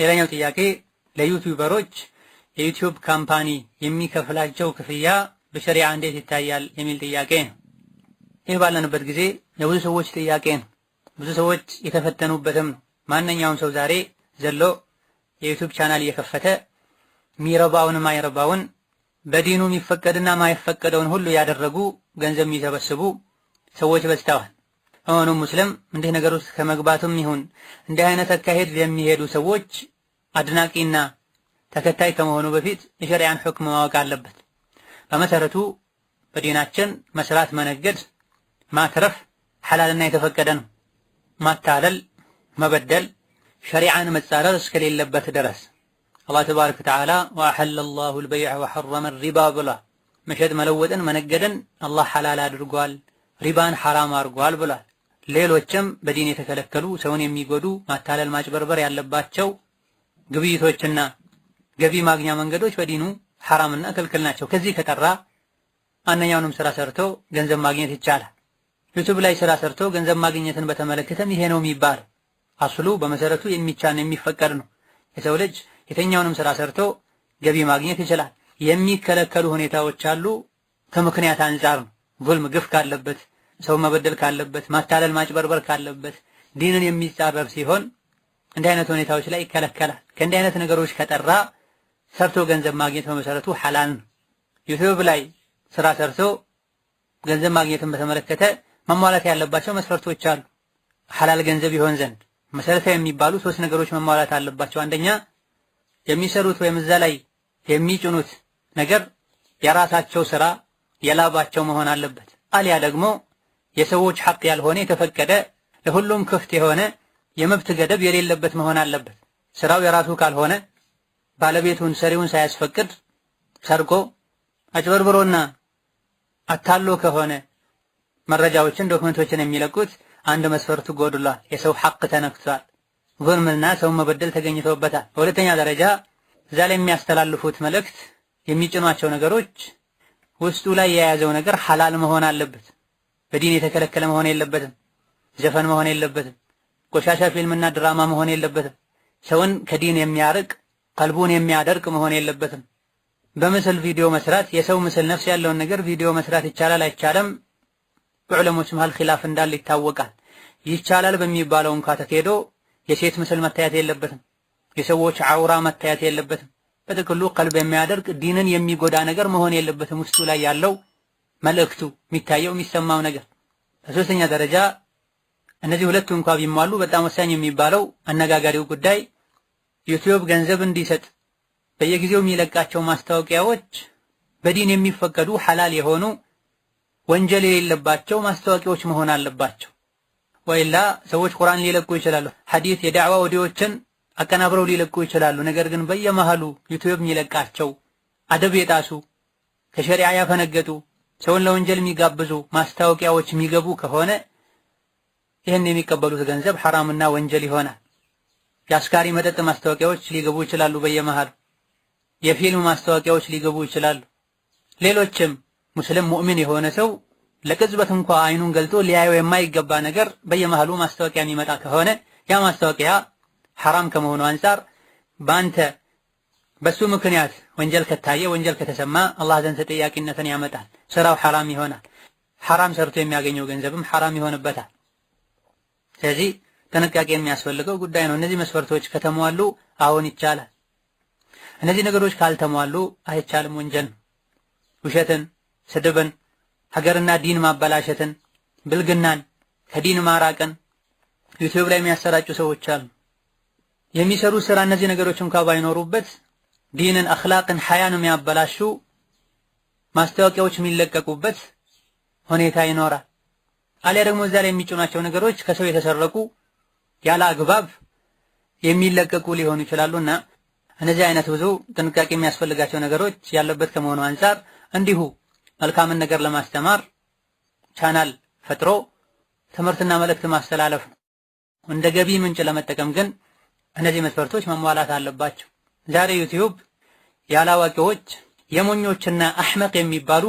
ሌላኛው ጥያቄ ለዩቲዩበሮች የዩቲዩብ ካምፓኒ የሚከፍላቸው ክፍያ በሸሪዓ እንዴት ይታያል የሚል ጥያቄ ነው። ይህ ባለንበት ጊዜ የብዙ ሰዎች ጥያቄ ነው። ብዙ ሰዎች የተፈተኑበትም ማንኛውም ሰው ዛሬ ዘሎ የዩቲዩብ ቻናል እየከፈተ ሚረባውን ማይረባውን በዲኑ የሚፈቀድና ማይፈቀደውን ሁሉ ያደረጉ ገንዘብ የሚሰበስቡ ሰዎች በዝተዋል። እሆኑ ሙስሊም እንዲህ ነገር ውስጥ ከመግባትም ይሁን እንዲህ አይነት አካሄድ የሚሄዱ ሰዎች አድናቂና ተከታይ ከመሆኑ በፊት የሸሪያን ሕክም ማወቅ አለበት። በመሰረቱ በዲናችን መስራት፣ መነገድ፣ ማትረፍ ሐላልና የተፈቀደ ነው። ማታለል፣ መበደል ሸሪዓን መጻረር እስከሌለበት ድረስ አላህ ተባረከ ወተዓላ ወአሐለ አላሁ አልበይዐ ወሐረመ ሪባ ብላ መሸጥ መለወጥን መነገድን አላህ ሐላል አድርጓል፣ ሪባን ሐራም አድርጓል ብሏል። ሌሎችም በዲን የተከለከሉ ሰውን የሚጎዱ ማታለል፣ ማጭበርበር ያለባቸው ግብይቶችና ገቢ ማግኛ መንገዶች በዲኑ ሐራምና ክልክል ናቸው። ከዚህ ከጠራ ማንኛውንም ስራ ሰርቶ ገንዘብ ማግኘት ይቻላል። ዩቱብ ላይ ስራ ሰርቶ ገንዘብ ማግኘትን በተመለከተም ይሄ ነው የሚባል አስሉ በመሰረቱ የሚቻል የሚፈቀድ ነው። የሰው ልጅ የተኛውንም ስራ ሰርቶ ገቢ ማግኘት ይችላል። የሚከለከሉ ሁኔታዎች አሉ። ከምክንያት አንጻር ነው። ጉልም ግፍ ካለበት ሰው መበደል ካለበት፣ ማታለል ማጭበርበር ካለበት፣ ዲንን የሚጻረር ሲሆን እንዲህ አይነት ሁኔታዎች ላይ ይከለከላል። ከእንዲህ አይነት ነገሮች ከጠራ ሰርቶ ገንዘብ ማግኘት በመሰረቱ ሐላል ነው። ዩቲዩብ ላይ ስራ ሰርቶ ገንዘብ ማግኘትን በተመለከተ መሟላት ያለባቸው መስፈርቶች አሉ። ሐላል ገንዘብ ይሆን ዘንድ መሰረታዊ የሚባሉ ሶስት ነገሮች መሟላት አለባቸው። አንደኛ የሚሰሩት ወይም እዛ ላይ የሚጭኑት ነገር የራሳቸው ስራ የላባቸው መሆን አለበት። አሊያ ደግሞ የሰዎች ሐቅ ያልሆነ የተፈቀደ ለሁሉም ክፍት የሆነ የመብት ገደብ የሌለበት መሆን አለበት። ስራው የራሱ ካልሆነ ባለቤቱን ሰሪውን ሳያስፈቅድ ሰርቆ አጭበርብሮና አታሎ ከሆነ መረጃዎችን ዶክመንቶችን የሚለቁት አንድ መስፈርቱ ጎድሏል። የሰው ሐቅ ተነክቷል። ዙልምና ሰው መበደል ተገኝቶበታል። በሁለተኛ ደረጃ እዛ ላይ የሚያስተላልፉት መልእክት የሚጭኗቸው ነገሮች ውስጡ ላይ የያዘው ነገር ሐላል መሆን አለበት። በዲን የተከለከለ መሆን የለበትም። ዘፈን መሆን የለበትም። ቆሻሻ ፊልምና ድራማ መሆን የለበትም። ሰውን ከዲን የሚያርቅ ቀልቡን የሚያደርቅ መሆን የለበትም። በምስል ቪዲዮ መስራት የሰው ምስል ነፍስ ያለውን ነገር ቪዲዮ መስራት ይቻላል አይቻለም በዑለሞች መሃል ኺላፍ እንዳለ ይታወቃል። ይቻላል በሚባለው እንኳ ተሄዶ የሴት ምስል መታየት የለበትም። የሰዎች አውራ መታየት የለበትም። በጥቅሉ ቀልብ የሚያደርቅ ዲንን የሚጎዳ ነገር መሆን የለበትም ውስጡ ላይ ያለው መልእክቱ የሚታየው የሚሰማው ነገር። በሶስተኛ ደረጃ እነዚህ ሁለቱ እንኳ ቢሟሉ በጣም ወሳኝ የሚባለው አነጋጋሪው ጉዳይ ዩቲዩብ ገንዘብ እንዲሰጥ በየጊዜው የሚለቃቸው ማስታወቂያዎች በዲን የሚፈቀዱ ሐላል የሆኑ ወንጀል የሌለባቸው ማስታወቂያዎች መሆን አለባቸው። ወይላ ሰዎች ቁርአን ሊለቁ ይችላሉ፣ ሐዲት የዳዕዋ ወዲዎችን አቀናብረው ሊለቁ ይችላሉ። ነገር ግን በየመሃሉ ዩቲዩብ የሚለቃቸው አደብ የጣሱ ከሸሪዓ ያፈነገጡ ሰውን ለወንጀል የሚጋብዙ ማስታወቂያዎች የሚገቡ ከሆነ ይህን የሚቀበሉት ገንዘብ ሐራምና ወንጀል ይሆናል። የአስካሪ መጠጥ ማስታወቂያዎች ሊገቡ ይችላሉ። በየመሃሉ የፊልም ማስታወቂያዎች ሊገቡ ይችላሉ። ሌሎችም ሙስሊም ሙእሚን የሆነ ሰው ለቅጽበት እንኳ አይኑን ገልጦ ሊያየው የማይገባ ነገር በየመሃሉ ማስታወቂያ የሚመጣ ከሆነ ያ ማስታወቂያ ሐራም ከመሆኑ አንጻር በአንተ በሱ ምክንያት ወንጀል ከታየ ወንጀል ከተሰማ አላህ ዘንድ ተጠያቂነትን ያመጣል። ስራው ሐራም ይሆናል። ሐራም ሰርቶ የሚያገኘው ገንዘብም ሐራም ይሆንበታል። ስለዚህ ጥንቃቄ የሚያስፈልገው ጉዳይ ነው። እነዚህ መስፈርቶች ከተሟሉ አሁን ይቻላል። እነዚህ ነገሮች ካልተሟሉ አይቻልም። ወንጀል ውሸትን፣ ስድብን፣ ሀገርና ዲን ማበላሸትን፣ ብልግናን፣ ከዲን ማራቅን ዩቲዩብ ላይ የሚያሰራጩ ሰዎች አሉ። የሚሰሩ ስራ እነዚህ ነገሮች እንኳ ባይኖሩበት ዲንን፣ አኽላቅን፣ ሐያን የሚያበላሹ ማስታወቂያዎች የሚለቀቁበት ሁኔታ ይኖራል። አሊያ ደግሞ እዛ ላይ የሚጭኗቸው ነገሮች ከሰው የተሰረቁ ያለ አግባብ የሚለቀቁ ሊሆኑ ይችላሉና እነዚህ አይነት ብዙ ጥንቃቄ የሚያስፈልጋቸው ነገሮች ያለበት ከመሆኑ አንጻር እንዲሁ መልካምን ነገር ለማስተማር ቻናል ፈጥሮ ትምህርትና መልእክት ማስተላለፍ ነው። እንደ ገቢ ምንጭ ለመጠቀም ግን እነዚህ መስፈርቶች መሟላት አለባቸው። ዛሬ ዩቲዩብ ያላዋቂዎች የሞኞችና አህመቅ የሚባሉ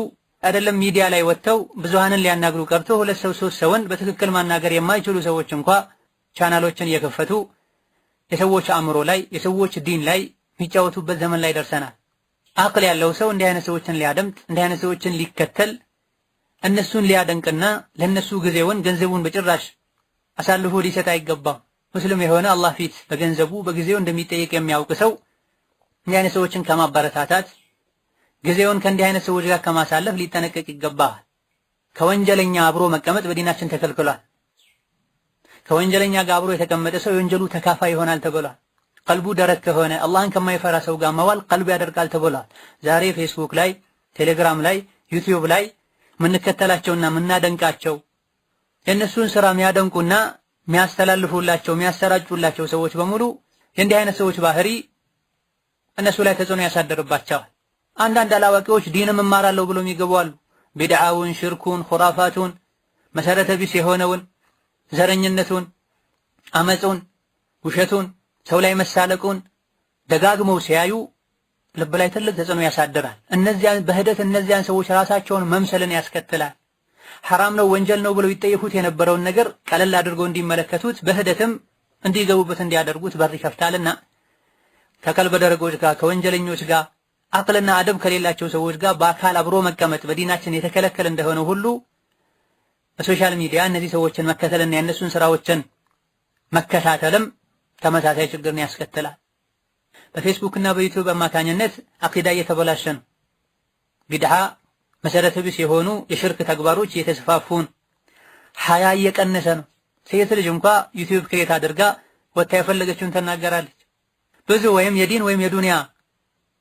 አይደለም ሚዲያ ላይ ወጥተው ብዙሃንን ሊያናግሩ ቀርቶ ሁለት ሰው ሶስት ሰውን በትክክል ማናገር የማይችሉ ሰዎች እንኳ ቻናሎችን እየከፈቱ የሰዎች አእምሮ ላይ የሰዎች ዲን ላይ የሚጫወቱበት ዘመን ላይ ደርሰናል። አቅል ያለው ሰው እንዲህ አይነት ሰዎችን ሊያደምጥ እንዲህ አይነት ሰዎችን ሊከተል እነሱን ሊያደንቅና ለነሱ ጊዜውን ገንዘቡን በጭራሽ አሳልፎ ሊሰጥ አይገባም። ሙስሊም የሆነ አላህ ፊት በገንዘቡ በጊዜው እንደሚጠየቅ የሚያውቅ ሰው እንዲህ አይነት ሰዎችን ከማበረታታት ጊዜውን ከእንዲህ አይነት ሰዎች ጋር ከማሳለፍ ሊጠነቀቅ ይገባል። ከወንጀለኛ አብሮ መቀመጥ በዲናችን ተከልክሏል። ከወንጀለኛ ጋር አብሮ የተቀመጠ ሰው የወንጀሉ ተካፋይ ይሆናል ተብሏል። ቀልቡ ደረቅ ከሆነ አላህን ከማይፈራ ሰው ጋር መዋል ቀልቡ ያደርጋል ተብሏል። ዛሬ ፌስቡክ ላይ፣ ቴሌግራም ላይ፣ ዩቲዩብ ላይ የምንከተላቸውና የምናደንቃቸው የእነሱን ስራ የሚያደንቁና የሚያስተላልፉላቸው የሚያሰራጩላቸው ሰዎች በሙሉ የእንዲህ አይነት ሰዎች ባህሪ እነሱ ላይ ተጽዕኖ ያሳደርባቸዋል። አንዳንድ አላዋቂዎች ዲንም እማራለሁ ብሎም ይገባሉ። ቢድዓውን፣ ሽርኩን፣ ኹራፋቱን፣ መሰረተ ቢስ የሆነውን ዘረኝነቱን፣ አመፁን፣ ውሸቱን፣ ሰው ላይ መሳለቁን ደጋግመው ሲያዩ ልብ ላይ ትልቅ ተጽዕኖ ያሳድራል። እነዚያን በህደት እነዚያን ሰዎች ራሳቸውን መምሰልን ያስከትላል። ሐራም ነው ወንጀል ነው ብለው ይጠየፉት የነበረውን ነገር ቀለል አድርገው እንዲመለከቱት በህደትም እንዲገቡበት እንዲያደርጉት በር ይከፍታልና ከከልበ ደረጎች ጋር ከወንጀለኞች ጋር አቅልና አደብ ከሌላቸው ሰዎች ጋር በአካል አብሮ መቀመጥ በዲናችን የተከለከለ እንደሆነ ሁሉ በሶሻል ሚዲያ እነዚህ ሰዎችን መከተልና የእነሱን ስራዎችን መከታተልም ተመሳሳይ ችግርን ያስከትላል። በፌስቡክ እና በዩቲዩብ አማካኝነት አቂዳ እየተበላሸ ነው። ቢድሃ መሰረተ ቢስ የሆኑ የሽርክ ተግባሮች እየተስፋፉን፣ ሀያ እየቀነሰ ነው። ሴት ልጅ እንኳ ዩቲዩብ ክሬት አድርጋ ወታ የፈለገችውን ተናገራለች። ብዙ ወይም የዲን ወይም የዱንያ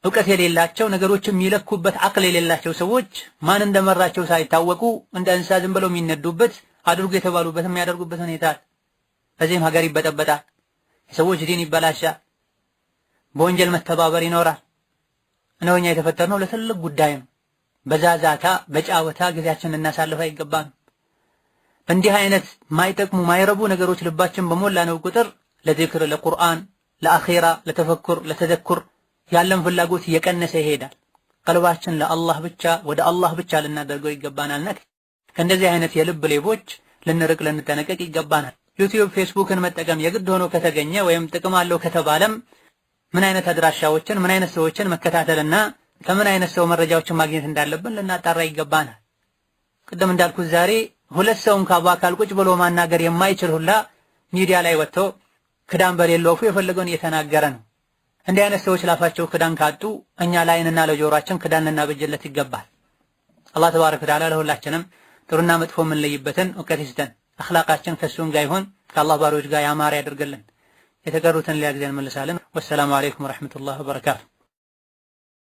እውቀት የሌላቸው ነገሮች የሚለኩበት አቅል የሌላቸው ሰዎች ማን እንደመራቸው ሳይታወቁ እንደ እንስሳ ዝም ብለው የሚነዱበት አድርጉ የተባሉበት የሚያደርጉበት ሁኔታ በዚህም ሀገር ይበጠበጣል። የሰዎች ዲን ይበላሻል። በወንጀል መተባበር ይኖራል። እነሆኛ የተፈጠርነው ለትልቅ ጉዳይ ነው። በዛዛታ በጫወታ ጊዜያችን እናሳልፍ አይገባም። በእንዲህ አይነት ማይጠቅሙ ማይረቡ ነገሮች ልባችን በሞላ ነው ቁጥር ለዚክር ለቁርአን ለአኼራ ለተፈኩር ለተዘኩር ያለን ፍላጎት እየቀነሰ ይሄዳል። ቀልባችን ለአላህ ብቻ ወደ አላህ ብቻ ልናደርገው ይገባናልና ከእንደዚህ አይነት የልብ ሌቦች ልንርቅ ልንጠነቀቅ ይገባናል። ዩቲዩብ ፌስቡክን መጠቀም የግድ ሆኖ ከተገኘ ወይም ጥቅም አለው ከተባለም ምን አይነት አድራሻዎችን ምን አይነት ሰዎችን መከታተልና ከምን አይነት ሰው መረጃዎችን ማግኘት እንዳለብን ልናጣራ ይገባናል። ቅድም እንዳልኩት ዛሬ ሁለት ሰውን እንኳ አካል ቁጭ ብሎ ማናገር የማይችል ሁላ ሚዲያ ላይ ወጥተው ክዳን በሌለው አፉ የፈለገውን እየተናገረ ነው። እንዲህ አይነት ሰዎች ላፋቸው ክዳን ካጡ እኛ ለአይንና ለጆሮአችን ክዳን ልናበጅለት ይገባል። አላህ ተባረከ ወተዓላ ለሁላችንም ጥሩና መጥፎ የምንለይበትን እውቀት ይስጠን። አኽላቃችን ከሱን ጋር ይሆን ከአላህ ባሪዎች ጋር ያማረ ያደርገልን። የተቀሩትን ሊያግዘን መልሳለን። ወሰላሙ አለይኩም ወረሕመቱላህ ወበረካቱ።